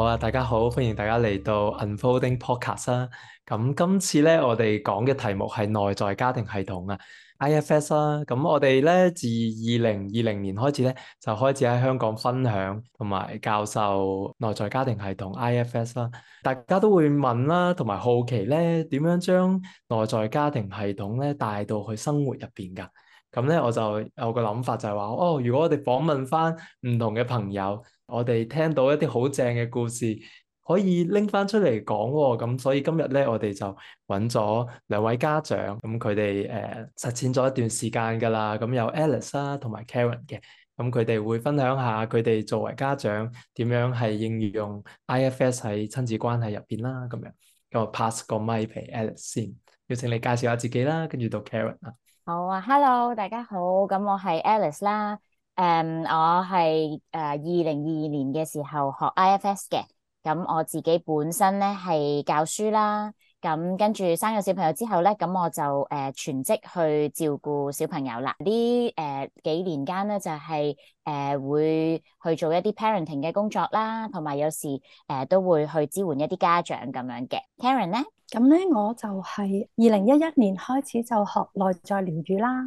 好啊，大家好，歡迎大家嚟到 Unfolding Podcast 啊。咁今次咧，我哋講嘅題目係內在家庭系統啊，IFS 啦。咁我哋咧自二零二零年開始咧，就開始喺香港分享同埋教授內在家庭系統 IFS 啦。大家都會問啦，同埋好奇咧，點樣將內在家庭系統咧帶到去生活入邊噶？咁咧，我就有個諗法就係話，哦，如果我哋訪問翻唔同嘅朋友。我哋聽到一啲好正嘅故事，可以拎翻出嚟講喎，咁所以今日咧，我哋就揾咗兩位家長，咁佢哋誒實踐咗一段時間㗎啦，咁有 Alice 啦、啊、同埋 Karen 嘅，咁佢哋會分享下佢哋作為家長點樣係應用 IFS 喺親子關係入邊啦，咁樣，咁我 pass 個咪俾 Alice 先，邀請你介紹下自己啦，跟住到 Karen 啊。好啊，Hello，大家好，咁我係 Alice 啦。誒，我係誒二零二二年嘅時候學 IFS 嘅，咁我自己本身咧係教書啦，咁跟住生咗小朋友之後咧，咁我就誒全職去照顧小朋友啦。呢誒幾年間咧就係誒會去做一啲 parenting 嘅工作啦，同埋有時誒都會去支援一啲家長咁樣嘅。Karen 咧，咁咧我就係二零一一年開始就學內在療癒啦，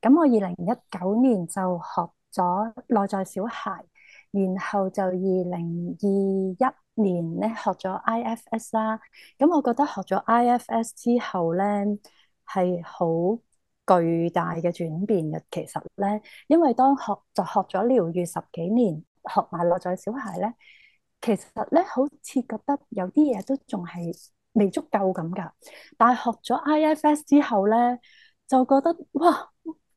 咁我二零一九年就學咗內在小孩，然後就二零二一年咧學咗 IFS 啦。咁，嗯，我覺得學咗 IFS 之後咧係好巨大嘅轉變嘅。其實咧，因為當學就學咗療愈十幾年，學埋內在小孩咧，其實咧好似覺得有啲嘢都仲係未足夠咁㗎。但係學咗 IFS 之後咧，就覺得哇！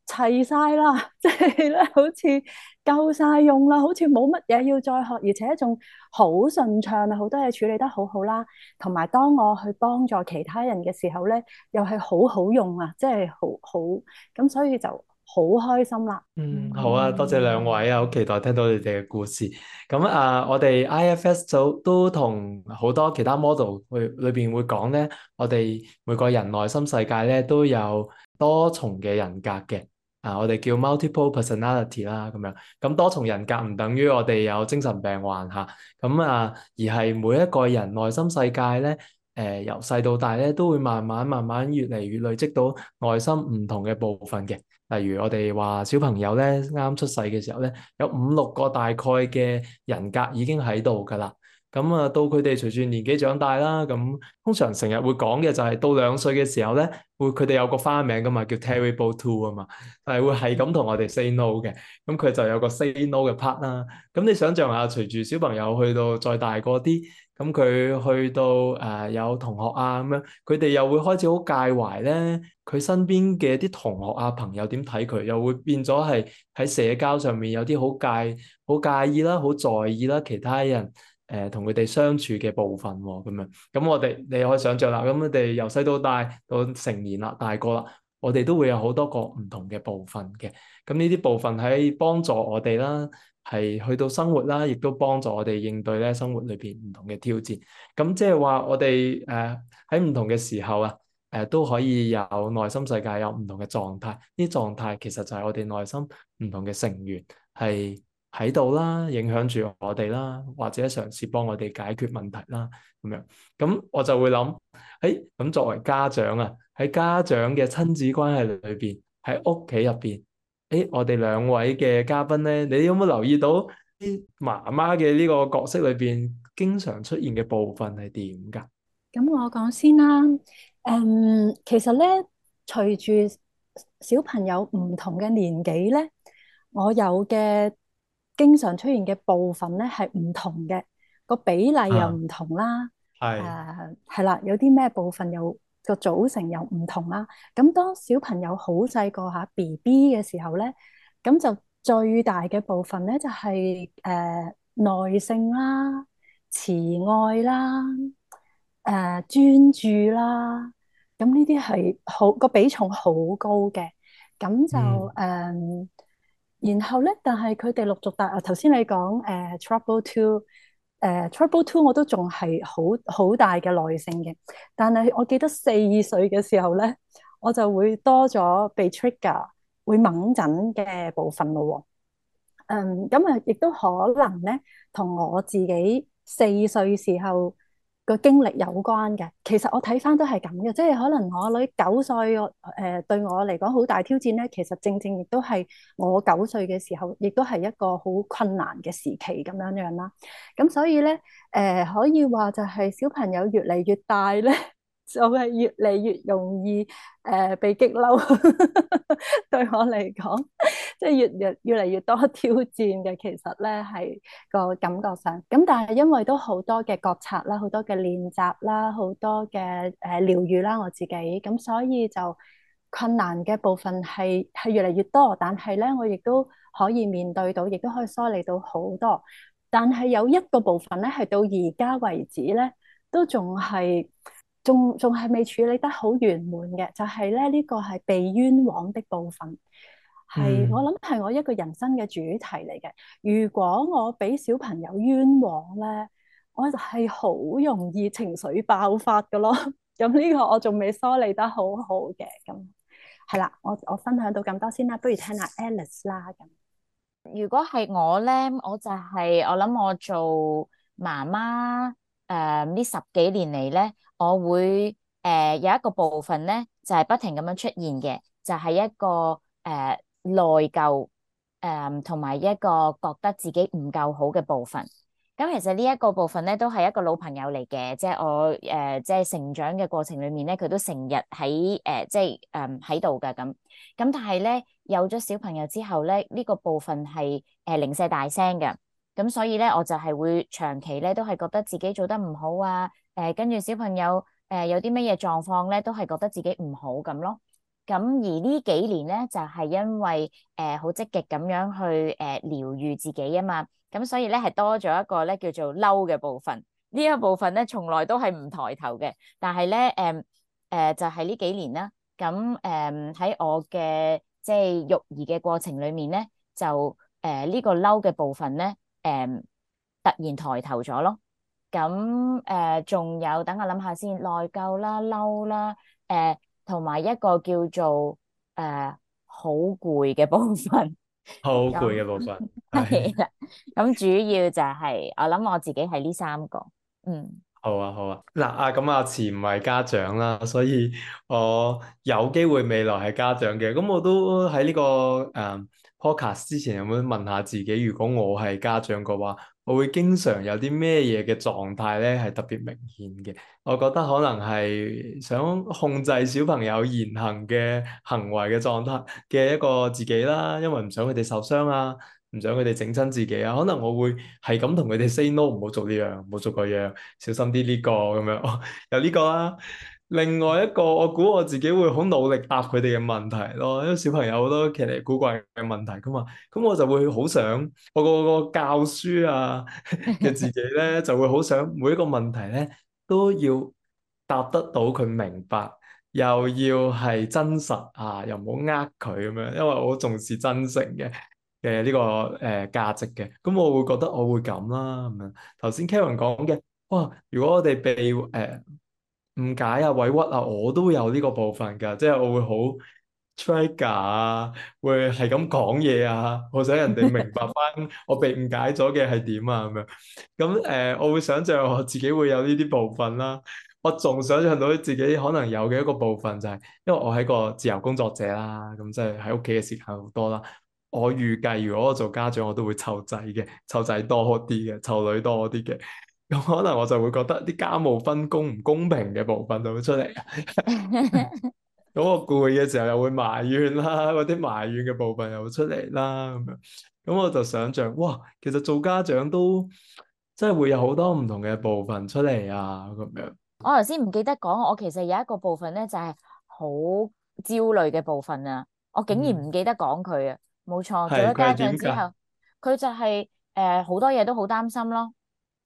砌晒啦，即係咧，好似夠晒用啦，好似冇乜嘢要再學，而且仲好順暢啊，好多嘢處理得好好啦。同埋當我去幫助其他人嘅時候咧，又係好好用啊，即係好好咁，所以就好開心啦。嗯，好啊，多謝兩位啊，好期待聽到你哋嘅故事。咁啊，我哋 IFS 組都同好多其他 model 會裏邊會講咧，我哋每個人內心世界咧都有多重嘅人格嘅。啊，我哋叫 multiple personality 啦，咁樣，咁多重人格唔等於我哋有精神病患吓，咁啊，而係每一個人內心世界咧，誒、呃，由細到大咧，都會慢慢慢慢越嚟越累積到內心唔同嘅部分嘅。例如我哋話小朋友咧，啱出世嘅時候咧，有五六個大概嘅人格已經喺度噶啦。咁啊，到佢哋隨住年紀長大啦，咁通常成日會講嘅就係、是、到兩歲嘅時候咧，會佢哋有個花名噶嘛，叫 Terrible Two 啊嘛，但係會係咁同我哋 say no 嘅。咁佢就有個 say no 嘅 part 啦。咁你想象下，隨住小朋友去到再大個啲，咁佢去到誒、呃、有同學啊咁樣，佢哋又會開始好介懷咧，佢身邊嘅啲同學啊朋友點睇佢，又會變咗係喺社交上面有啲好介好介意啦，好在意啦，其他人，誒同佢哋相處嘅部分喎、哦，咁樣，咁我哋你可以想像啦，咁佢哋由細到大到成年啦，大個啦，我哋都會有好多個唔同嘅部分嘅。咁呢啲部分喺幫助我哋啦，係去到生活啦，亦都幫助我哋應對咧生活裏邊唔同嘅挑戰。咁即係話我哋誒喺唔同嘅時候啊，誒、呃、都可以有內心世界有唔同嘅狀態。呢啲狀態其實就係我哋內心唔同嘅成員係喺度啦，影響住我哋啦，或者嘗試幫我哋解決問題啦，咁樣，咁我就會諗，誒、哎，咁作為家長啊，喺家長嘅親子關係裏邊，喺屋企入邊，誒、哎，我哋兩位嘅嘉賓咧，你有冇留意到，啲媽媽嘅呢個角色裏邊，經常出現嘅部分係點噶咁我講先啦，嗯，其實咧，隨住小朋友唔同嘅年紀咧，我有嘅。經常出現嘅部分咧係唔同嘅，個比例又唔同啦。係、啊，誒係啦，有啲咩部分又個組成又唔同啦。咁當小朋友好細個吓 B B 嘅時候咧，咁就最大嘅部分咧就係、係、誒、呃、耐性啦、慈愛啦、誒、呃、專注啦。咁呢啲係好個比重好高嘅。咁就誒。嗯嗯然後咧，但係佢哋陸續大，啊頭先你講誒、uh,，trouble two，誒、uh, trouble two，我都仲係好好大嘅耐性嘅。但係我記得四歲嘅時候咧，我就會多咗被 trigger 會猛震嘅部分咯、哦。嗯，咁啊，亦都可能咧，同我自己四歲時候。個經歷有關嘅，其實我睇翻都係咁嘅，即係可能我女九歲，誒對我嚟講好大挑戰咧。其實正正亦都係我九歲嘅時候，亦都係一個好困難嘅時期咁樣樣啦。咁所以咧，誒可以話就係小朋友越嚟越大咧。 就係越嚟越容易誒、呃、被激嬲， 對我嚟講，即係越日越嚟越多挑戰嘅。其實咧係個感覺上，咁但係因為都好多嘅覺察啦，好多嘅練習啦，好多嘅誒療愈啦，我自己咁，所以就困難嘅部分係係越嚟越多。但係咧，我亦都可以面對到，亦都可以梳理到好多。但係有一個部分咧，係到而家為止咧，都仲係。仲仲係未處理得好圓滿嘅，就係咧呢個係被冤枉的部分，係我諗係我一個人生嘅主題嚟嘅。如果我俾小朋友冤枉咧，我就係好容易情緒爆發㗎咯。咁呢個我仲未梳理得好好嘅咁係啦。我我分享到咁多先啦，不如聽下 Alice 啦咁。如果係我咧，我就係我諗我做媽媽誒呢十幾年嚟咧。我會誒、呃、有一個部分咧，就係、是、不停咁樣出現嘅，就係、是、一個誒、呃、內疚誒同埋一個覺得自己唔夠好嘅部分。咁其實呢一個部分咧，都係一個老朋友嚟嘅，即、就、係、是、我誒即係成長嘅過程裏面咧，佢都成日喺誒即係誒喺度噶咁。咁、呃就是呃、但係咧，有咗小朋友之後咧，呢、這個部分係誒零舍大聲嘅。咁所以咧，我就係會長期咧都係覺得自己做得唔好啊。誒，跟住小朋友誒、呃，有啲乜嘢狀況咧，都係覺得自己唔好咁咯。咁而呢幾年咧，就係、是、因為誒好積極咁樣去誒、呃、療愈自己啊嘛。咁所以咧，係多咗一個咧叫做嬲嘅部分。呢、這、一、個、部分咧，從來都係唔抬頭嘅。但係咧，誒、呃、誒、呃、就係、是、呢幾年啦。咁誒喺我嘅即係育兒嘅過程裡面咧，就誒呢、呃這個嬲嘅部分咧，誒、呃、突然抬頭咗咯。咁誒，仲、呃、有等我諗下先，內疚啦、嬲啦，誒同埋一個叫做誒好攰嘅部分，好攰嘅部分係啦。咁主要就係、是、我諗我自己係呢三個，嗯。好啊，好啊。嗱啊，咁啊，前唔係家長啦，所以我有機會未來係家長嘅，咁我都喺呢個誒、呃、podcast 之前有冇問下自己，如果我係家長嘅話？我會經常有啲咩嘢嘅狀態咧，係特別明顯嘅。我覺得可能係想控制小朋友言行嘅行為嘅狀態嘅一個自己啦，因為唔想佢哋受傷啊，唔想佢哋整親自己啊。可能我會係咁同佢哋 say no，唔好做呢樣，唔好做個樣，小心啲呢個咁樣。哦、有呢個啦、啊。另外一個，我估我自己會好努力答佢哋嘅問題咯，因為小朋友都好多奇離古怪嘅問題噶嘛，咁我就會好想我個個教書啊嘅 自己咧，就會好想每一個問題咧都要答得到佢明白，又要係真實啊，又唔好呃佢咁樣，因為我好重視真誠嘅嘅呢個誒、呃、價值嘅，咁我會覺得我會咁啦咁樣。頭先 Karen 講嘅，哇！如果我哋被誒～、呃誤解啊、委屈啊，我都會有呢個部分㗎，即係我會好 trigger 啊，會係咁講嘢啊，我想人哋明白翻我被誤解咗嘅係點啊咁樣。咁誒、 呃，我會想像我自己會有呢啲部分啦。我仲想象到自己可能有嘅一個部分就係、是，因為我係個自由工作者啦，咁即係喺屋企嘅時間好多啦。我預計如果我做家長，我都會湊仔嘅，湊仔多啲嘅，湊女多啲嘅。咁可能我就會覺得啲家務分工唔公平嘅部分就會出嚟，咁我攰嘅時候又會埋怨啦，嗰啲埋怨嘅部分又會出嚟啦，咁樣，咁我就想象，哇，其實做家長都真係會有好多唔同嘅部分出嚟啊，咁樣。我頭先唔記得講，我其實有一個部分咧，就係、是、好焦慮嘅部分啊，我竟然唔記得講佢啊，冇、嗯、錯，做咗家長之後，佢就係誒好多嘢都好擔心咯。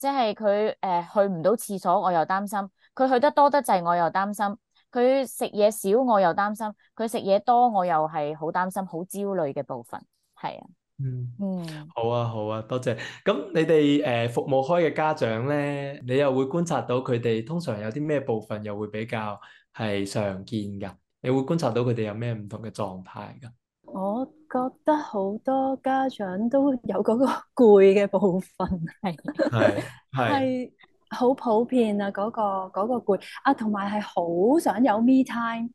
即係佢誒去唔到廁所，我又擔心佢去得多得滯，我又擔心佢食嘢少，我又擔心佢食嘢多，我又係好擔心好焦慮嘅部分，係啊，嗯嗯，好啊好啊，多謝。咁你哋誒、呃、服務開嘅家長咧，你又會觀察到佢哋通常有啲咩部分又會比較係常見噶？你會觀察到佢哋有咩唔同嘅狀態噶？我覺得好多家長都有嗰個攰嘅部分，係係係好普遍啊！嗰、嗰個、嗰個攰啊，同埋係好想有 me time，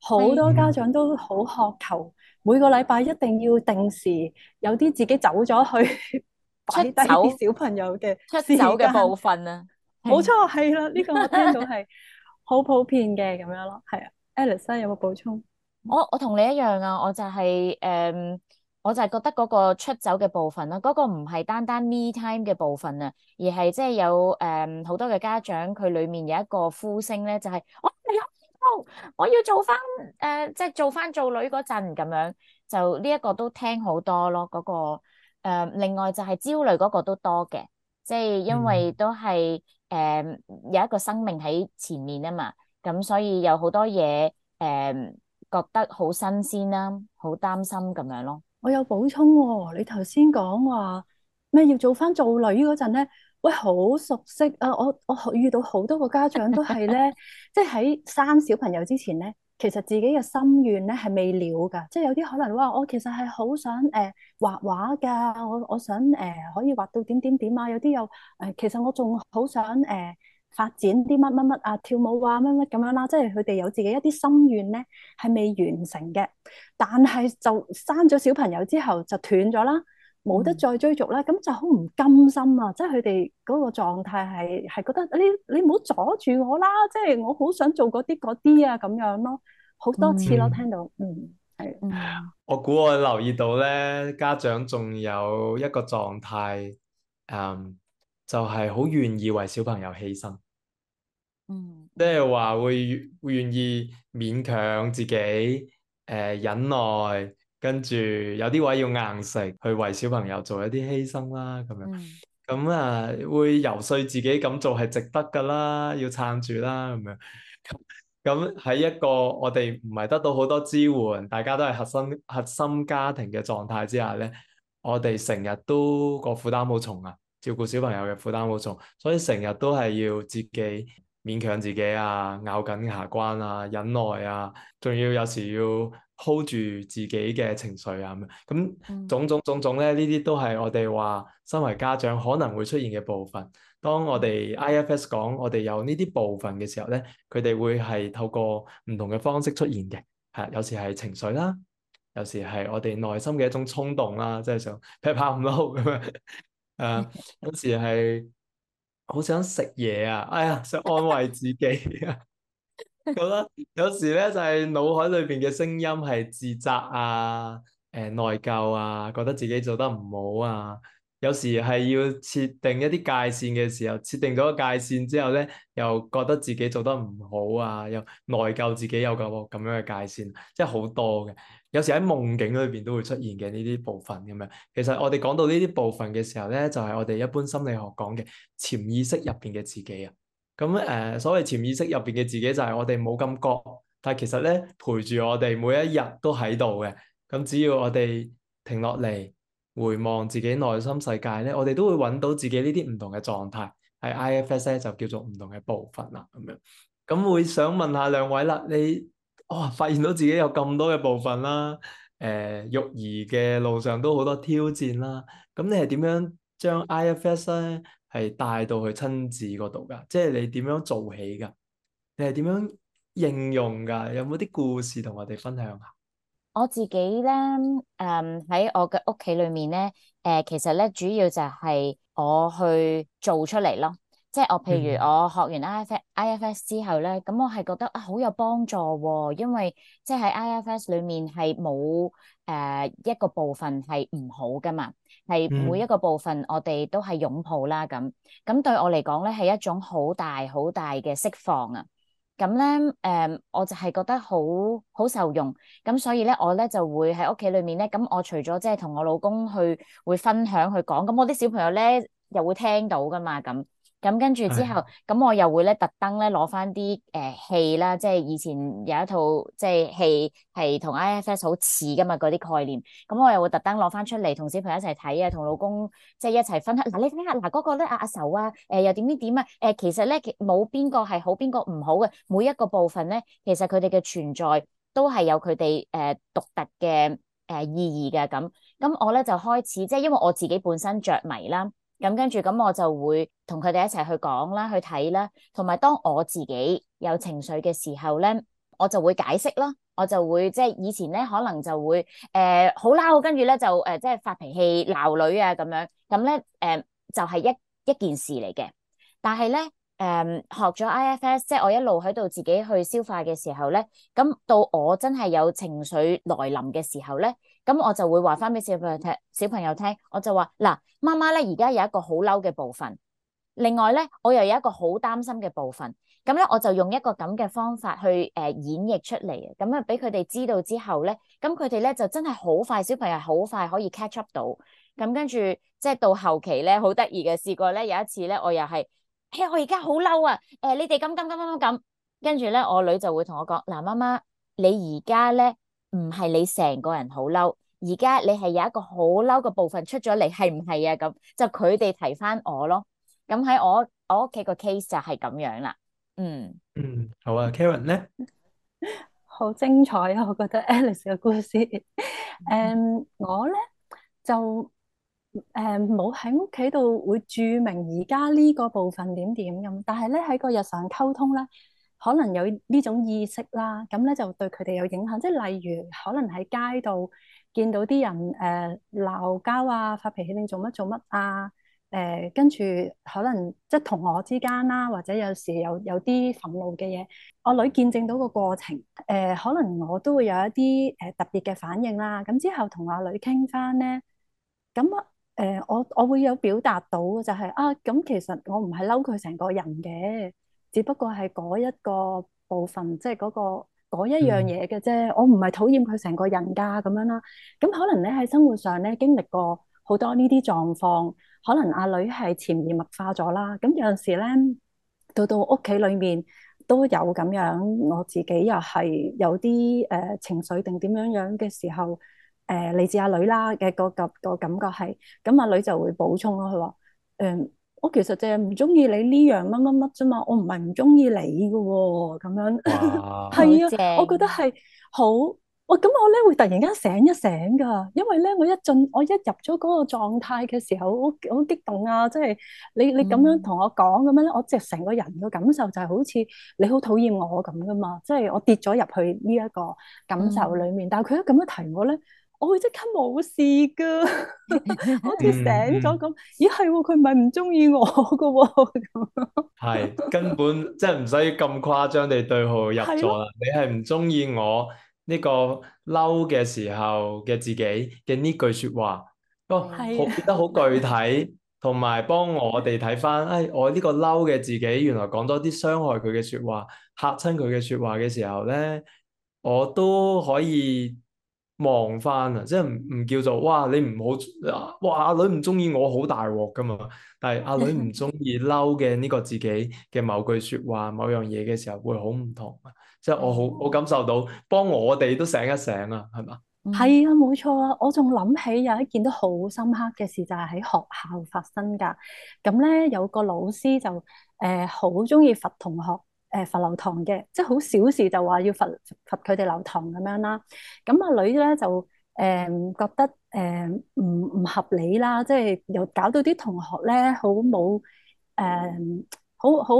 好多家長都好渴求，每個禮拜一定要定時，有啲自己走咗去，擺低啲小朋友嘅出走嘅部分啊，冇錯係啦，呢個我聽到係好普遍嘅咁樣咯，係啊，Alice 有冇補充？我我同你一樣啊，我就係、是、誒、呃，我就係覺得嗰個出走嘅部分啦，嗰、那個唔係單單 me time 嘅部分啊，而係即係有誒好、呃、多嘅家長佢裏面有一個呼聲咧，就係我未有，我要做翻誒即係做翻做女嗰陣咁樣，就呢一個都聽好多咯，嗰、那個誒、呃、另外就係焦慮嗰個都多嘅，即、就、係、是、因為都係誒、呃、有一個生命喺前面啊嘛，咁所以有好多嘢誒。呃覺得好新鮮啦、啊，好擔心咁樣咯。我有補充喎、哦，你頭先講話咩要做翻做女嗰陣咧，喂好熟悉啊！我我遇到好多個家長都係咧，即係喺生小朋友之前咧，其實自己嘅心願咧係未了噶。即、就、係、是、有啲可能話，我其實係好想誒、呃、畫畫噶，我我想誒、呃、可以畫到點點點啊。有啲又誒、呃，其實我仲好想誒。呃發展啲乜乜乜啊，跳舞啊，乜乜咁樣啦，即係佢哋有自己一啲心願咧，係未完成嘅，但係就生咗小朋友之後就斷咗啦，冇得再追逐啦，咁就好唔甘心啊！即係佢哋嗰個狀態係係覺得你你唔好阻住我啦，即係我好想做嗰啲嗰啲啊咁樣咯，好多次咯，聽到，嗯係，嗯嗯我估我留意到咧，家長仲有一個狀態，誒、嗯，就係好願意為小朋友犧牲。嗯，即係話會會願意勉強自己，誒、呃，忍耐，跟住有啲位要硬食，去為小朋友做一啲犧牲啦，咁樣，咁啊，會遊說自己咁做係值得㗎啦，要撐住啦，咁樣，咁喺一個我哋唔係得到好多支援，大家都係核心核心家庭嘅狀態之下咧，我哋成日都個負擔好重啊，照顧小朋友嘅負擔好重，所以成日都係要自己。勉強自己啊，咬緊牙關啊，忍耐啊，仲要有時要 hold 住自己嘅情緒啊咁，咁種種種種咧，呢啲都係我哋話身為家長可能會出現嘅部分。當我哋 IFS 講我哋有呢啲部分嘅時候咧，佢哋會係透過唔同嘅方式出現嘅，係有時係情緒啦，有時係我哋內心嘅一種衝動啦，即、就、係、是、想劈 a 唔 d 咁樣，誒有時係。好想食嘢啊！哎呀，想安慰自己啊，覺 得有時咧就係、是、腦海裏邊嘅聲音係自責啊，誒、呃、內疚啊，覺得自己做得唔好啊，有時係要設定一啲界線嘅時候，設定咗個界線之後咧，又覺得自己做得唔好啊，又內疚自己有個咁樣嘅界線，即係好多嘅。有時喺夢境裏邊都會出現嘅呢啲部分咁樣，其實我哋講到呢啲部分嘅時候呢，就係我哋一般心理學講嘅潛意識入邊嘅自己啊。咁誒、呃，所謂潛意識入邊嘅自己就係我哋冇感覺，但係其實呢，陪住我哋每一日都喺度嘅。咁只要我哋停落嚟回望自己內心世界呢，我哋都會揾到自己呢啲唔同嘅狀態，係 IFS 咧就叫做唔同嘅部分啦咁樣。咁會想問下兩位啦，你？哇、哦！發現到自己有咁多嘅部分啦，誒、呃，育兒嘅路上都好多挑戰啦。咁你係點樣將 IFS 咧係帶到去親子嗰度噶？即係你點樣做起噶？你係點樣應用噶？有冇啲故事同我哋分享下？我自己咧，誒、嗯，喺我嘅屋企裏面咧，誒、呃，其實咧主要就係我去做出嚟咯。即係我，譬如我學完 IF IFS 之後咧，咁我係覺得啊，好有幫助喎，因為即係喺 IFS 裡面係冇誒一個部分係唔好噶嘛，係每一個部分我哋都係擁抱啦。咁咁對我嚟講咧係一種好大好大嘅釋放啊。咁咧誒，我就係覺得好好受用。咁所以咧我咧就會喺屋企裡面咧，咁我除咗即係同我老公去會分享去講，咁我啲小朋友咧又會聽到噶嘛咁。咁跟住之後，咁我又會咧特登咧攞翻啲誒戲啦，即係以前有一套即係戲係同 IFS 好似噶嘛嗰啲概念，咁我又會特登攞翻出嚟同小朋友一齊睇啊，同老公即係一齊分享。嗱，你睇下嗱嗰個咧阿阿愁啊，誒又點點點啊，誒、啊呃啊呃、其實咧冇邊個係好邊個唔好嘅，每一個部分咧其實佢哋嘅存在都係有佢哋誒獨特嘅誒、呃、意義嘅咁，咁、嗯、我咧就開始即係因為我自己本身着迷啦。咁跟住，咁我就會同佢哋一齊去講啦，去睇啦，同埋當我自己有情緒嘅時候咧，我就會解釋啦，我就會即係、就是、以前咧可能就會誒好嬲，跟住咧就誒、呃、即係發脾氣鬧女啊咁樣，咁咧誒就係、是、一一件事嚟嘅。但係咧誒學咗 IFS，即係我一路喺度自己去消化嘅時候咧，咁到我真係有情緒來臨嘅時候咧。咁我就會話翻俾小朋友聽，小朋友聽，我就話嗱，媽媽咧而家有一個好嬲嘅部分，另外咧我又有一個好擔心嘅部分，咁咧我就用一個咁嘅方法去誒演繹出嚟啊，咁啊俾佢哋知道之後咧，咁佢哋咧就真係好快，小朋友好快可以 catch up 到，咁跟住即係到後期咧好得意嘅，試過咧有一次咧我又係，嘿我而家好嬲啊，誒你哋咁咁咁咁咁，跟住咧我女就會同我講嗱，媽媽你而家咧。唔係你成個人好嬲，而家你係有一個好嬲嘅部分出咗嚟，係唔係啊？咁就佢哋提翻我咯。咁喺我我屋企個 case 就係咁樣啦。嗯嗯，好啊，Karen 咧，好精彩啊！我覺得 Alice 嘅故事。誒，我咧就誒冇喺屋企度會注明而家呢個部分點點咁，但係咧喺個日常溝通咧。可能有呢種意識啦，咁咧就對佢哋有影響。即係例如，可能喺街度見到啲人誒鬧交啊、發脾氣，你做乜做乜啊？誒、呃，跟住可能即係同我之間啦、啊，或者有時有有啲憤怒嘅嘢，我女見證到個過程。誒、呃，可能我都會有一啲誒特別嘅反應啦。咁、嗯、之後同阿女傾翻咧，咁、嗯、誒、呃、我我會有表達到、就係，就係啊，咁、嗯、其實我唔係嬲佢成個人嘅。只不過係嗰一個部分，即係嗰個嗰一樣嘢嘅啫。我唔係討厭佢成個人家咁樣啦。咁可能咧喺生活上咧經歷過好多呢啲狀況，可能阿女係潛移默化咗啦。咁有陣時咧，到到屋企裏面都有咁樣。我自己又係有啲誒、呃、情緒定點樣樣嘅時候，誒、呃、嚟自阿女啦嘅、嗰個、嗰個感覺係，咁阿女就會補充咯。佢話：嗯。我其實就係唔中意你呢樣乜乜乜啫嘛，我唔係唔中意你嘅喎、哦，咁樣係哇 啊，棒我覺得係好，我咁我咧會突然間醒一醒㗎，因為咧我一進我一入咗嗰個狀態嘅時候，好好激動啊，即係你你咁樣同我講咁樣咧，嗯、我即係成個人嘅感受就係好似你好討厭我咁㗎嘛，即係我跌咗入去呢一個感受裡面，嗯、但係佢都咁樣提我咧。我會即刻冇事噶，好 似醒咗咁。嗯、咦，係喎，佢咪唔中意我噶。係 根本即係唔使咁誇張地對號入座啦。的你係唔中意我呢個嬲嘅時候嘅自己嘅呢句說話，哦的，變得好具體，同埋幫我哋睇翻。哎，我呢個嬲嘅自己，原來講多啲傷害佢嘅說話、嚇親佢嘅說話嘅時候咧，我都可以，望翻啊，即係唔叫做哇！你唔好哇，阿女唔中意我好大鑊噶嘛。但係阿女唔中意嬲嘅呢個自己嘅某句說話，某樣嘢嘅時候，會好唔同啊。即係我好我感受到，幫我哋都醒一醒啊，係嘛？係啊，冇錯啊。我仲諗起有一件都好深刻嘅事，就係喺學校發生噶。咁咧有個老師就誒好中意罰同學。誒、呃、罰留堂嘅，即係好小事就話要罰罰佢哋留堂咁樣啦。咁阿女咧就誒、呃、覺得誒唔唔合理啦，即係又搞到啲同學咧好冇誒好好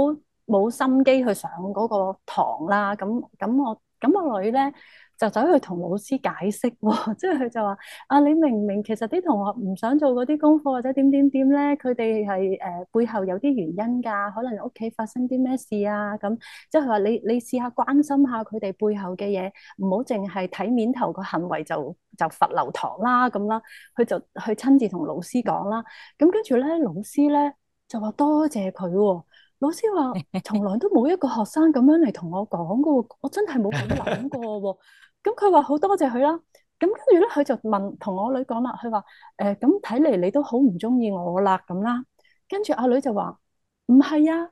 冇心機去上嗰個堂啦。咁咁我咁阿女咧。就走去同老師解釋喎，即係佢就話：啊，你明唔明其實啲同學唔想做嗰啲功課或者點點點咧，佢哋係誒背後有啲原因㗎，可能屋企發生啲咩事啊咁。即係話你你試下關心下佢哋背後嘅嘢，唔好淨係睇面頭個行為就就罰留堂啦咁啦。佢就去親自同老師講啦。咁跟住咧，老師咧就話多謝佢喎、哦。老師話從來都冇一個學生咁樣嚟同我講噶，我真係冇咁諗過。咁佢話好多謝佢啦。咁跟住咧，佢就問同我女講啦，佢話誒咁睇嚟你都好唔中意我啦咁啦。跟住阿女就話唔係啊，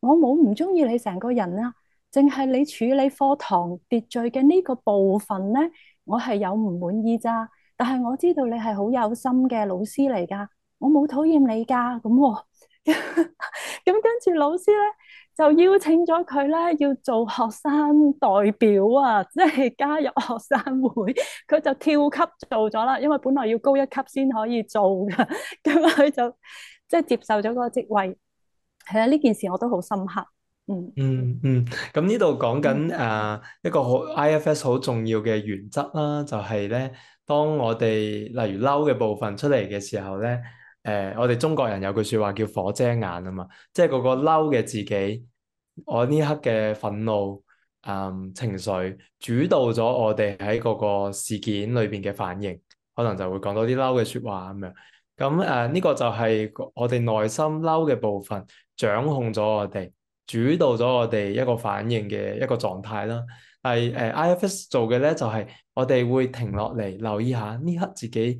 我冇唔中意你成個人啊。淨係你處理課堂秩序嘅呢個部分咧，我係有唔滿意咋。但係我知道你係好有心嘅老師嚟噶，我冇討厭你噶咁。咁 跟住老師咧，就邀請咗佢咧，要做學生代表啊，即係加入學生會。佢就跳級做咗啦，因為本來要高一級先可以做㗎。咁 佢就即係接受咗嗰個職位。係啊，呢件事我都好深刻。嗯嗯嗯，咁呢度講緊誒一個好 IFS 好重要嘅原則啦，就係咧，當我哋例如嬲嘅部分出嚟嘅時候咧，誒、呃，我哋中國人有句説話叫火遮眼啊嘛，即係嗰個嬲嘅自己，我呢刻嘅憤怒，嗯、呃、情緒，主導咗我哋喺嗰個事件裏邊嘅反應，可能就會講到啲嬲嘅説話咁樣。咁誒，呢、呃這個就係我哋內心嬲嘅部分掌控咗我哋，主導咗我哋一個反應嘅一個狀態啦。但係誒、呃、IFS 做嘅咧，就係、是、我哋會停落嚟留意下呢刻自己。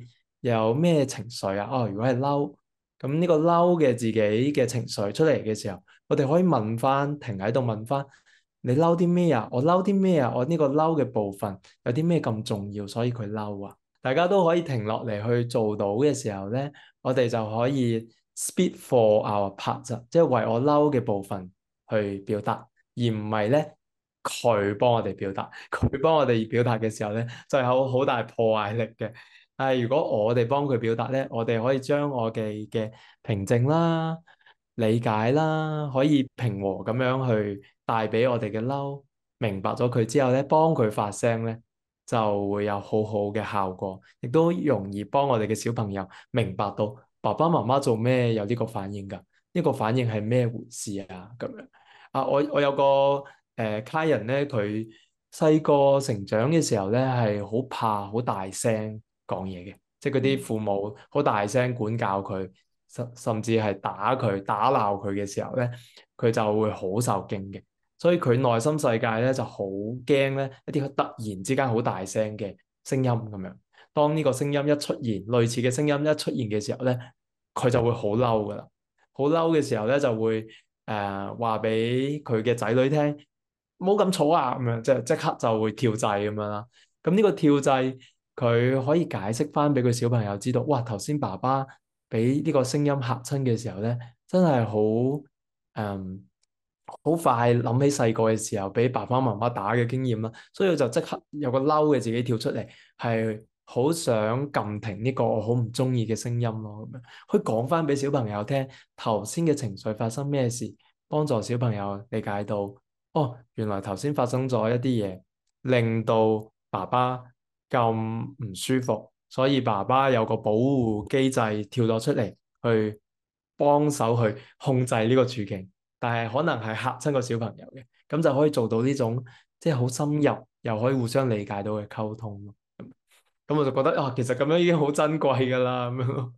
有咩情緒啊？哦，如果係嬲，咁呢個嬲嘅自己嘅情緒出嚟嘅時候，我哋可以問翻，停喺度問翻，你嬲啲咩啊？我嬲啲咩啊？我呢個嬲嘅部分有啲咩咁重要，所以佢嬲啊？大家都可以停落嚟去做到嘅時候咧，我哋就可以 speak for our parts 就即係為我嬲嘅部分去表達，而唔係咧佢幫我哋表達。佢幫我哋表達嘅時候咧，就有好好大破壞力嘅。誒，如果我哋幫佢表達咧，我哋可以將我哋嘅平靜啦、理解啦，可以平和咁樣去帶俾我哋嘅嬲，明白咗佢之後咧，幫佢發聲咧，就會有好好嘅效果，亦都容易幫我哋嘅小朋友明白到爸爸媽媽做咩有呢個反應噶，呢個反應係咩回事啊？咁樣啊，我我有個誒，client 咧，佢細個成長嘅時候咧，係好怕、好大聲講嘢嘅，即係嗰啲父母好大聲管教佢，甚甚至係打佢、打鬧佢嘅時候咧，佢就會好受驚嘅。所以佢內心世界咧就好驚咧，一啲突然之間好大聲嘅聲音咁樣。當呢個聲音一出現，類似嘅聲音一出現嘅時候咧，佢就會好嬲噶啦。好嬲嘅時候咧就會誒話俾佢嘅仔女聽，冇咁嘈啊，咁樣即即刻就會跳掣咁樣啦。咁呢個跳掣。佢可以解釋翻俾佢小朋友知道，哇！頭先爸爸俾呢個聲音嚇親嘅時候咧，真係好，嗯，好快諗起細個嘅時候俾爸爸媽媽打嘅經驗啦。所以我就即刻有個嬲嘅自己跳出嚟，係好想撳停呢個我好唔中意嘅聲音咯。咁樣可以講翻俾小朋友聽，頭先嘅情緒發生咩事，幫助小朋友理解到，哦，原來頭先發生咗一啲嘢，令到爸爸咁唔舒服，所以爸爸有個保護機制跳咗出嚟去幫手去控制呢個處境，但係可能係吓親個小朋友嘅，咁就可以做到呢種即係好深入又可以互相理解到嘅溝通咯。咁我就覺得啊，其實咁樣已經好珍貴噶啦。咁樣，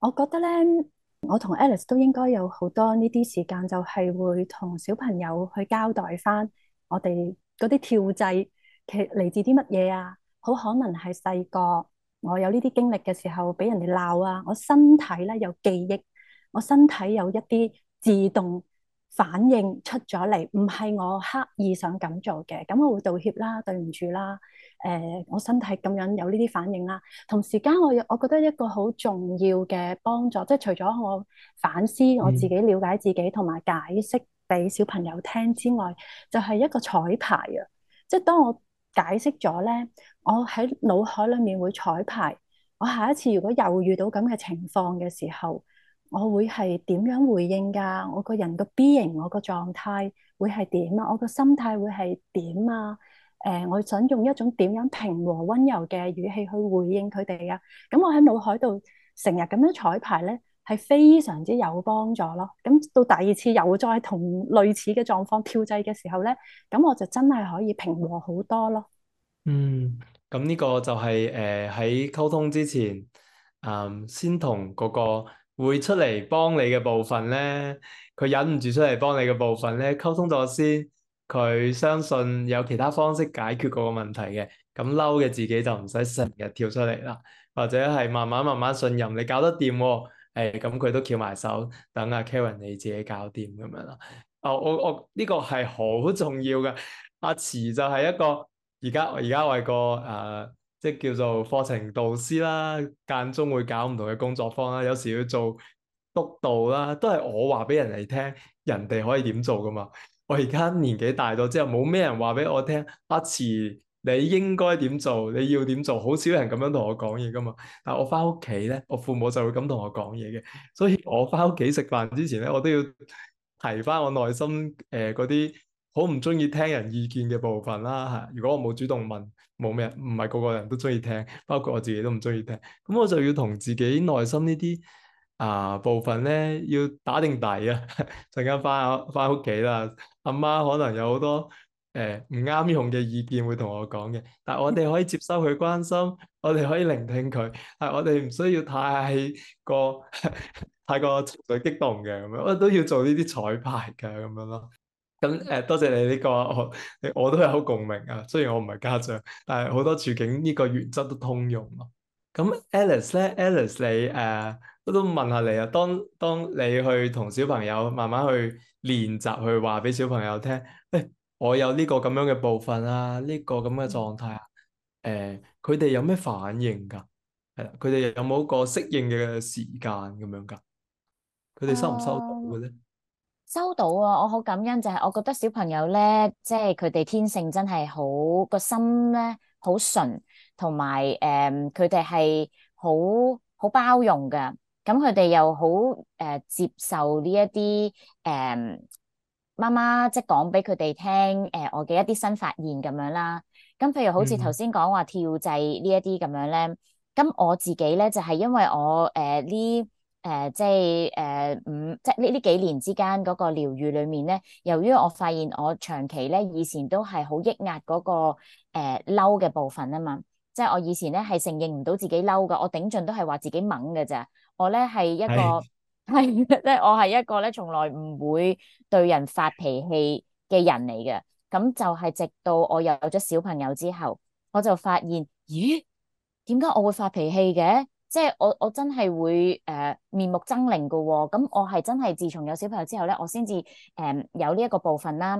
我覺得咧，我同 Alice 都應該有好多呢啲時間，就係會同小朋友去交代翻我哋嗰啲跳掣嚟自啲乜嘢啊。好可能係細個，我有呢啲經歷嘅時候，俾人哋鬧啊，我身體咧有記憶，我身體有一啲自動反應出咗嚟，唔係我刻意想咁做嘅。咁我會道歉啦，對唔住啦。誒、呃，我身體咁樣有呢啲反應啦。同時間我，我我覺得一個好重要嘅幫助，即係除咗我反思我自己、了解自己同埋解釋俾小朋友聽之外，就係一個彩排啊，即係當我解釋咗咧。我喺腦海裏面會彩排，我下一次如果又遇到咁嘅情況嘅時候，我會係點樣回應噶？我個人個 B 型我個狀態會係點啊？我個心態會係點啊？誒、呃，我想用一種點樣平和溫柔嘅語氣去回應佢哋啊？咁我喺腦海度成日咁樣彩排咧，係非常之有幫助咯。咁到第二次又再同類似嘅狀況跳掣嘅時候咧，咁我就真係可以平和好多咯。嗯，咁呢個就係誒喺溝通之前，嗯、呃，先同嗰個會出嚟幫你嘅部分咧，佢忍唔住出嚟幫你嘅部分咧，溝通咗先，佢相信有其他方式解決嗰個問題嘅，咁嬲嘅自己就唔使成日跳出嚟啦，或者係慢慢慢慢信任你搞得掂，哦，誒、欸，咁佢都翹埋手，等阿 Karen 你自己搞掂咁樣啦。哦，我我呢、這個係好重要嘅，阿慈就係一個。而家而家我係個誒、呃，即係叫做課程導師啦，間中會搞唔同嘅工作坊啦，有時要做督導啦，都係我話俾人哋聽，人哋可以點做噶嘛。我而家年紀大咗之後，冇咩人話俾我聽，阿、啊、池，你應該點做？你要點做？好少人咁樣同我講嘢噶嘛。但我翻屋企咧，我父母就會咁同我講嘢嘅，所以我翻屋企食飯之前咧，我都要提翻我內心誒嗰啲。呃好唔中意聽人意見嘅部分啦嚇，如果我冇主動問冇咩，唔係個個人都中意聽，包括我自己都唔中意聽，咁我就要同自己內心呢啲啊部分咧要打定底啊，陣間翻翻屋企啦，阿媽可能有好多誒唔啱用嘅意見會同我講嘅，但係我哋可以接收佢關心，我哋可以聆聽佢，但我哋唔需要太過太過情緒激動嘅咁樣，我都要做呢啲彩排嘅咁樣咯。咁誒、呃，多謝你呢個，我我都有共鳴啊。雖然我唔係家長，但係好多處境呢個原則都通用咯。咁 Alice 咧，Alice 你誒、呃、我都問下你啊。當當你去同小朋友慢慢去練習，去話俾小朋友聽，誒、欸，我有呢個咁樣嘅部分啊，呢個咁嘅狀態啊。誒、呃，佢哋有咩反應噶？係啦，佢哋有冇個適應嘅時間咁樣噶？佢哋收唔收到嘅咧？啊收到啊，我好感恩就係、是，我覺得小朋友咧，即係佢哋天性真係好，個心咧，好純，同埋誒，佢哋係好好包容嘅，咁佢哋又好誒、呃、接受呢一啲誒媽媽即係講俾佢哋聽誒、呃，我嘅一啲新發現咁樣啦。咁譬如好似頭先講話、嗯、跳掣呢一啲咁樣咧，咁我自己咧就係、是、因為我誒呢。呃誒、呃，即係誒、呃、五，即係呢呢幾年之間嗰個療癒裏面咧，由於我發現我長期咧以前都係好抑壓嗰、嗰個誒嬲嘅部分啊嘛，即係我以前咧係承認唔到自己嬲噶，我頂盡都係話自己猛㗎咋，我咧係一個係即係我係一個咧從來唔會對人發脾氣嘅人嚟嘅，咁就係直到我有咗小朋友之後，我就發現是咦，點解我會發脾氣嘅？即係我我真係會誒、呃、面目猙獰噶喎，咁我係真係自從有小朋友之後咧，我先至誒有呢一個部分啦。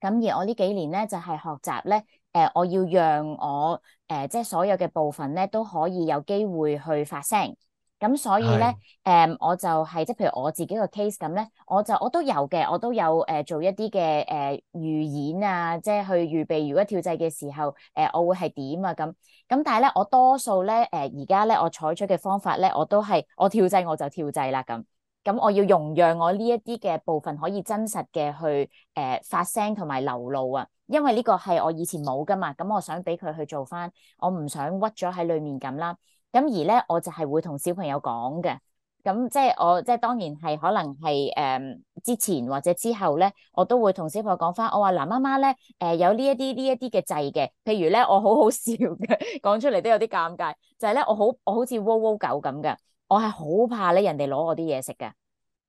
咁而我呢幾年咧就係、是、學習咧誒、呃，我要讓我誒、呃、即係所有嘅部分咧都可以有機會去發聲。咁所以咧，誒是、嗯、我就係即係譬如我自己個 case 咁咧，我就我都有嘅，我都有誒、呃、做一啲嘅誒預演啊，即係去預備如果跳掣嘅時候，誒、呃、我會係點啊咁。咁但係咧，我多數咧誒而家咧我採取嘅方法咧，我都係我跳掣我就跳掣啦咁。咁我要容讓我呢一啲嘅部分可以真實嘅去誒、呃、發聲同埋流露啊，因為呢個係我以前冇㗎嘛。咁我想俾佢去做返，我唔想屈咗喺裡面咁啦。咁而咧，我就係會同小朋友講嘅。咁、嗯、即係我即係當然係可能係誒、呃、之前或者之後咧，我都會同小朋友講返。我話嗱，媽媽咧誒、呃呃、有呢一啲呢一啲嘅掣嘅。譬如咧，我好好笑嘅，講出嚟都有啲尷尬。就係、是、咧，我好我好似汪汪、呃呃、狗咁嘅，我係好怕咧人哋攞我啲嘢食嘅。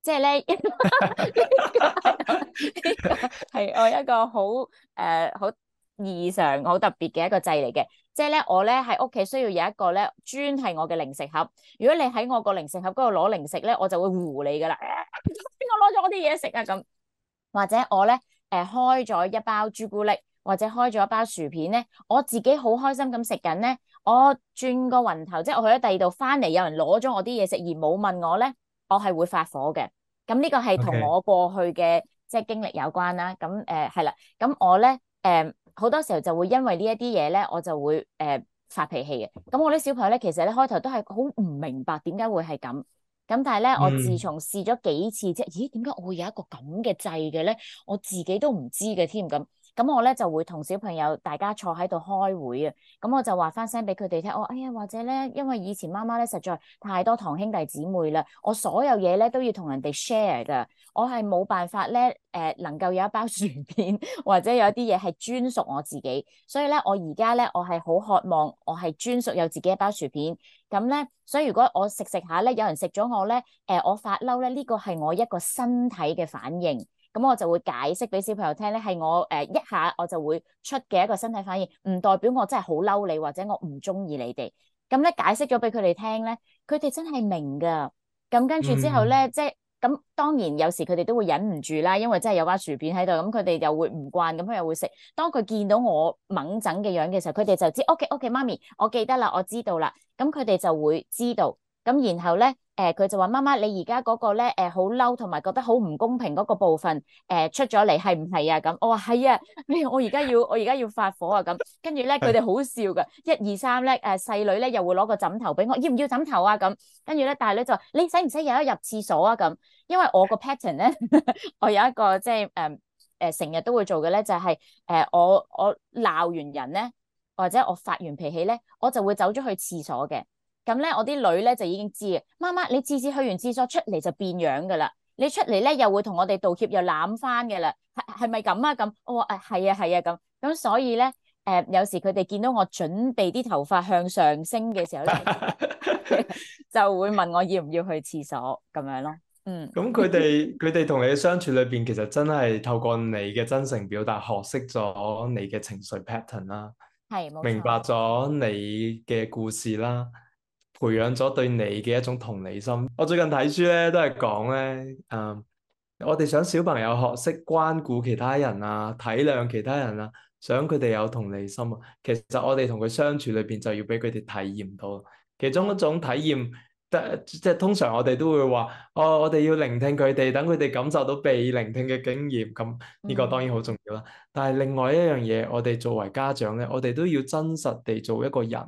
即係咧，呢個係 我一個好誒好。呃意義上好特別嘅一個掣嚟嘅，即係咧，我咧喺屋企需要有一個咧專係我嘅零食盒。如果你喺我個零食盒嗰度攞零食咧，我就會糊你噶啦。邊個攞咗我啲嘢食啊？咁、啊、或者我咧誒、呃、開咗一包朱古力，或者開咗一包薯片咧，我自己好開心咁食緊咧，我轉個暈頭，即、就、係、是、我去咗第二度翻嚟，有人攞咗我啲嘢食而冇問我咧，我係會發火嘅。咁呢個係同我過去嘅 Okay. 即係經歷有關啦。咁誒係啦，咁我咧誒。呃嗯好多時候就會因為呢一啲嘢咧，我就會誒、呃、發脾氣嘅。咁我啲小朋友咧，其實咧開頭都係好唔明白點解會係咁。咁但係咧，我自從試咗幾次即係，咦？點解我會有一個咁嘅掣嘅咧？我自己都唔知嘅添咁。咁我咧就會同小朋友大家坐喺度開會啊！咁我就話返聲俾佢哋聽，我，哎呀，或者咧，因為以前媽媽咧實在太多堂兄弟姊妹啦，我所有嘢咧都要同人哋 share 㗎，我係冇辦法咧誒、呃、能夠有一包薯片或者有一啲嘢係專屬我自己，所以咧我而家咧我係好渴望我係專屬有自己一包薯片。咁咧，所以如果我食食下咧，有人食咗我咧，誒、呃、我發嬲咧，呢個係我一個身體嘅反應。咁我就會解釋俾小朋友聽咧，係我誒一下我就會出嘅一個身體反應，唔代表我真係好嬲你或者我唔中意你哋。咁咧解釋咗俾佢哋聽咧，佢哋真係明㗎。咁跟住之後咧，嗯、即係咁當然有時佢哋都會忍唔住啦，因為真係有包薯片喺度，咁佢哋又會唔慣，咁佢又會食。當佢見到我掹整嘅樣嘅時候，佢哋就知，OK，OK，媽咪，我記得啦，我知道啦，咁佢哋就會知道。咁然後咧，誒佢就話：媽媽，你而家嗰個咧，誒好嬲同埋覺得好唔公平嗰個部分，誒出咗嚟係唔係啊？咁我話係啊，我而家要我而家要發火啊！咁跟住咧，佢哋好笑噶，一二三咧，誒細女咧又會攞個枕頭俾我，要唔要枕頭啊？咁跟住咧，大女就話：你使唔使有一入廁所啊？咁因為我個 pattern 咧，我有一個即係誒誒成日都會做嘅咧，就係誒我我鬧完人咧，或者我發完脾氣咧，我就會走咗去廁所嘅。咁咧，我啲女咧就已經知嘅。媽媽，你次次去完廁所出嚟就變樣嘅啦。你出嚟咧又會同我哋道歉，又攬翻嘅啦。係係咪咁啊？咁我話誒係啊係啊咁咁，啊、所以咧誒、呃、有時佢哋見到我準備啲頭髮向上升嘅時候咧， 就會問我要唔要去廁所咁樣咯。嗯，咁佢哋佢哋同你嘅相處裏邊，其實真係透過你嘅真誠表達，學識咗你嘅情緒 pattern 啦，係冇錯，明白咗你嘅故事啦。培養咗對你嘅一種同理心。我最近睇書咧，都係講咧，誒、嗯，我哋想小朋友學識關顧其他人啊，體諒其他人啊，想佢哋有同理心啊。其實我哋同佢相處裏邊就要俾佢哋體驗到，其中一種體驗，即係通常我哋都會話，哦，我哋要聆聽佢哋，等佢哋感受到被聆聽嘅經驗。咁呢個當然好重要啦。嗯。但係另外一樣嘢，我哋作為家長咧，我哋都要真實地做一個人。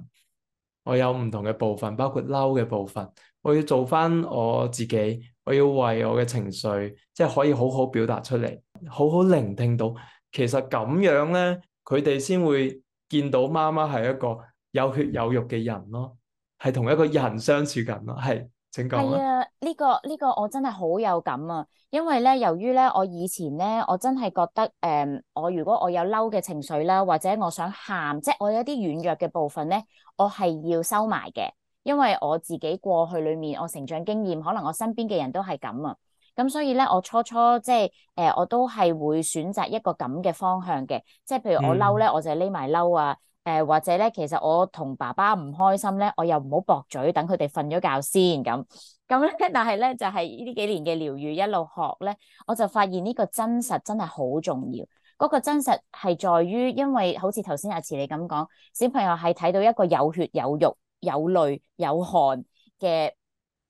我有唔同嘅部分，包括嬲嘅部分，我要做翻我自己，我要為我嘅情緒，即係可以好好表達出嚟，好好聆聽到。其實咁樣呢，佢哋先會見到媽媽係一個有血有肉嘅人咯，係同一個人相處緊咯，係。係啊，呢個呢個我真係好有感啊，因為咧，由於咧，我以前咧，我真係覺得誒，我如果我有嬲嘅情緒啦，或者我想喊，即係我有一啲軟弱嘅部分咧，我係要收埋嘅，因為我自己過去裡面我成長經驗，可能我身邊嘅人都係咁啊，咁所以咧，我初初即係誒，我都係會選擇一個咁嘅方向嘅，即係譬如我嬲咧，我就匿埋嬲啊。誒、呃，或者咧，其實我同爸爸唔開心咧，我又唔好駁嘴，等佢哋瞓咗覺先咁咁咧。但係咧，就係呢幾年嘅療癒一路學咧，我就發現呢個真實真係好重要。嗰個真實係在於，因為好似頭先阿池你咁講，小朋友係睇到一個有血有肉、有淚有汗嘅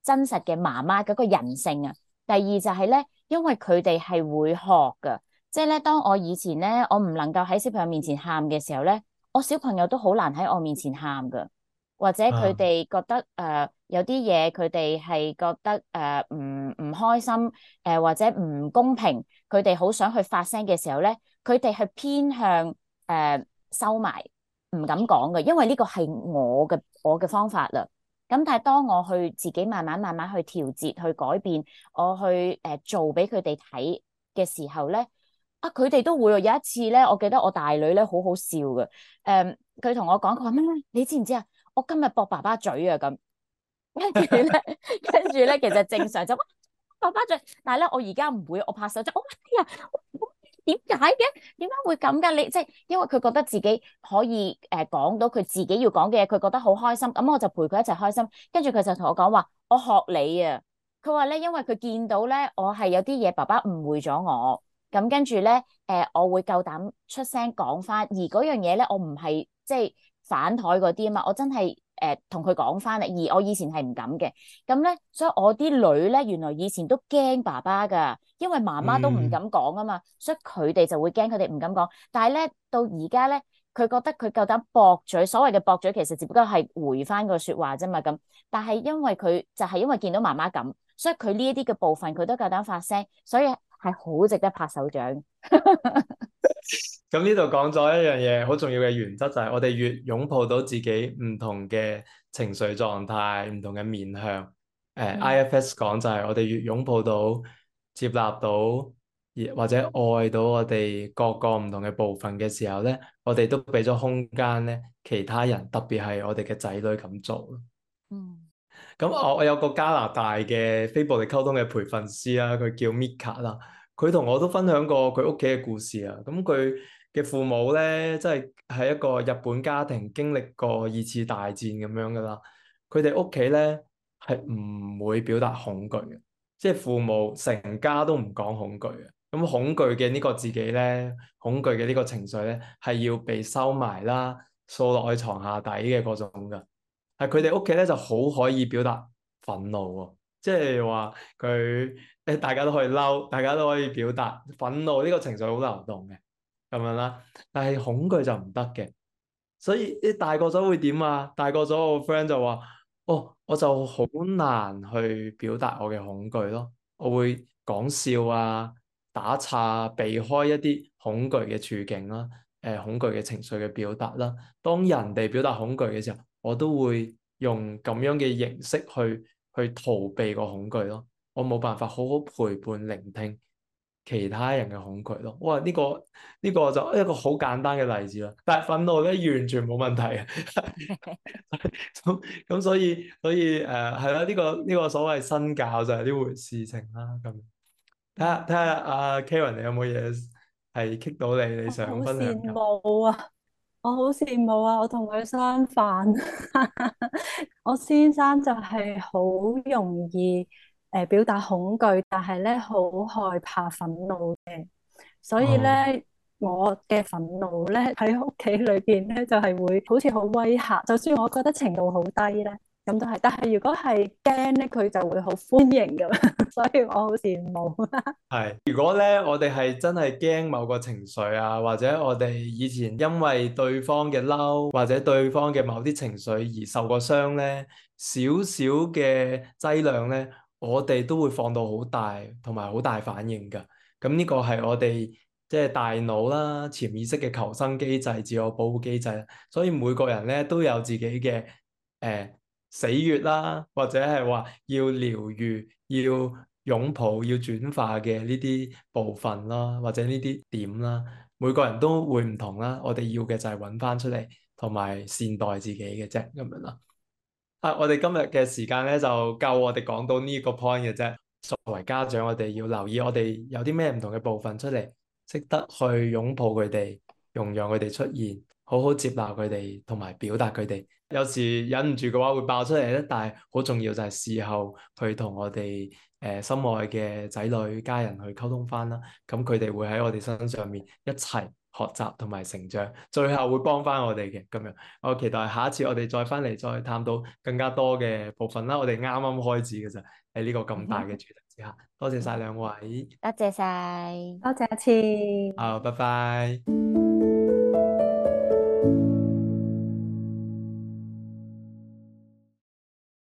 真實嘅媽媽嗰個人性啊。第二就係咧，因為佢哋係會學㗎，即係咧，當我以前咧，我唔能夠喺小朋友面前喊嘅時候咧。我小朋友都好難喺我面前喊㗎，或者佢哋覺得誒、呃、有啲嘢佢哋係覺得誒唔唔開心誒、呃、或者唔公平，佢哋好想去發聲嘅時候咧，佢哋係偏向誒、呃、收埋唔敢講㗎，因為呢個係我嘅我嘅方法啦。咁但係當我去自己慢慢慢慢去調節去改變，我去誒、呃、做俾佢哋睇嘅時候咧。啊！佢哋都會有一次咧，我記得我大女咧好好笑嘅。誒、嗯，佢同我講：佢話咩咧？你知唔知啊？我今日駁爸爸嘴啊咁。跟住咧，跟住咧，其實正常就駁、是、爸爸嘴。但係咧，我而家唔會，我拍手就我話：哎呀，我點解嘅？點解會咁噶？你即係因為佢覺得自己可以誒講、呃、到佢自己要講嘅嘢，佢覺得好開心。咁、嗯、我就陪佢一齊開心。跟住佢就同我講話：我學你啊！佢話咧，因為佢見到咧，我係有啲嘢爸爸誤會咗我。咁跟住咧，誒、呃，我會夠膽出聲講翻，而嗰樣嘢咧，我唔係即係反台嗰啲啊嘛，我真係誒同佢講翻。而我以前係唔敢嘅，咁咧，所以我啲女咧，原來以前都驚爸爸噶，因為媽媽都唔敢講啊嘛，嗯、所以佢哋就會驚，佢哋唔敢講。但係咧，到而家咧，佢覺得佢夠膽駁嘴，所謂嘅駁嘴其實只不過係回翻個説話啫嘛。咁，但係因為佢就係、是、因為見到媽媽咁，所以佢呢一啲嘅部分佢都夠膽發聲，所以。係好值得拍手掌。咁呢度講咗一樣嘢，好重要嘅原則就係，我哋越擁抱到自己唔同嘅情緒狀態、唔同嘅面向。uh, IFS 講，嗯、就係，我哋越擁抱到、接納到，或者愛到我哋各個唔同嘅部分嘅時候呢，我哋都俾咗空間呢，其他人，特別係我哋嘅仔女咁做。嗯。咁我我有個加拿大嘅非暴力溝通嘅培訓師啦，佢叫 Mika 啦，佢同我都分享過佢屋企嘅故事啊。咁佢嘅父母咧，即係喺一個日本家庭經歷過二次大戰咁樣噶啦。佢哋屋企咧係唔會表達恐懼嘅，即係父母成家都唔講恐懼嘅。咁恐懼嘅呢個自己咧，恐懼嘅呢個情緒咧，係要被收埋啦，掃落去床下底嘅嗰種噶。係佢哋屋企咧就好可以表達憤怒喎，即係話佢誒大家都可以嬲，大家都可以表達憤怒呢個情緒好流動嘅咁樣啦。但係恐懼就唔得嘅，所以你大個咗會點啊？大個咗我個 friend 就話：哦，我就好難去表達我嘅恐懼咯，我會講笑啊、打岔、避開一啲恐懼嘅處境啦、啊。誒恐懼嘅情緒嘅表達啦，當人哋表達恐懼嘅時候，我都會用咁樣嘅形式去去逃避個恐懼咯。我冇辦法好好陪伴聆聽其他人嘅恐懼咯。哇，呢、這個呢、這個就一個好簡單嘅例子啦。但係憤怒咧完全冇問題嘅。咁 咁 所以所以誒係啦，呢、呃這個呢、這個所謂身教就係呢回事情啦。咁睇下睇下阿 Karen 你有冇嘢？係 k 到你，你想分離慕啊！我好羨慕啊！我同佢相反， 我先生就係好容易誒表達恐懼，但係咧好害怕憤怒嘅。所以咧，oh. 我嘅憤怒咧喺屋企裏邊咧就係、是、會好似好威嚇，就算我覺得程度好低咧。咁都係，但係如果係驚咧，佢就會好歡迎㗎， 所以我好羨慕啦。係，如果咧我哋係真係驚某個情緒啊，或者我哋以前因為對方嘅嬲或者對方嘅某啲情緒而受過傷咧，少少嘅劑量咧，我哋都會放到好大同埋好大反應噶。咁呢個係我哋即係大腦啦、潛意識嘅求生機制、自我保護機制。所以每個人咧都有自己嘅誒。呃死穴啦，或者係話要療愈、要擁抱、要轉化嘅呢啲部分啦，或者呢啲點啦，每個人都會唔同啦。我哋要嘅就係揾翻出嚟，同埋善待自己嘅啫咁樣啦。啊，我哋今日嘅時間咧就夠我哋講到呢個 point 嘅啫。作為家長，我哋要留意我哋有啲咩唔同嘅部分出嚟，識得去擁抱佢哋，容讓佢哋出現，好好接納佢哋，同埋表達佢哋。有時忍唔住嘅話會爆出嚟咧，但係好重要就係事後去同我哋誒心愛嘅仔女、家人去溝通翻啦。咁佢哋會喺我哋身上面一齊學習同埋成長，最後會幫翻我哋嘅咁樣。我期待下一次我哋再翻嚟，再探討更加多嘅部分啦。我哋啱啱開始嘅咋，喺呢個咁大嘅主題之下，多謝晒兩位，多謝晒，多謝一次。好，拜拜。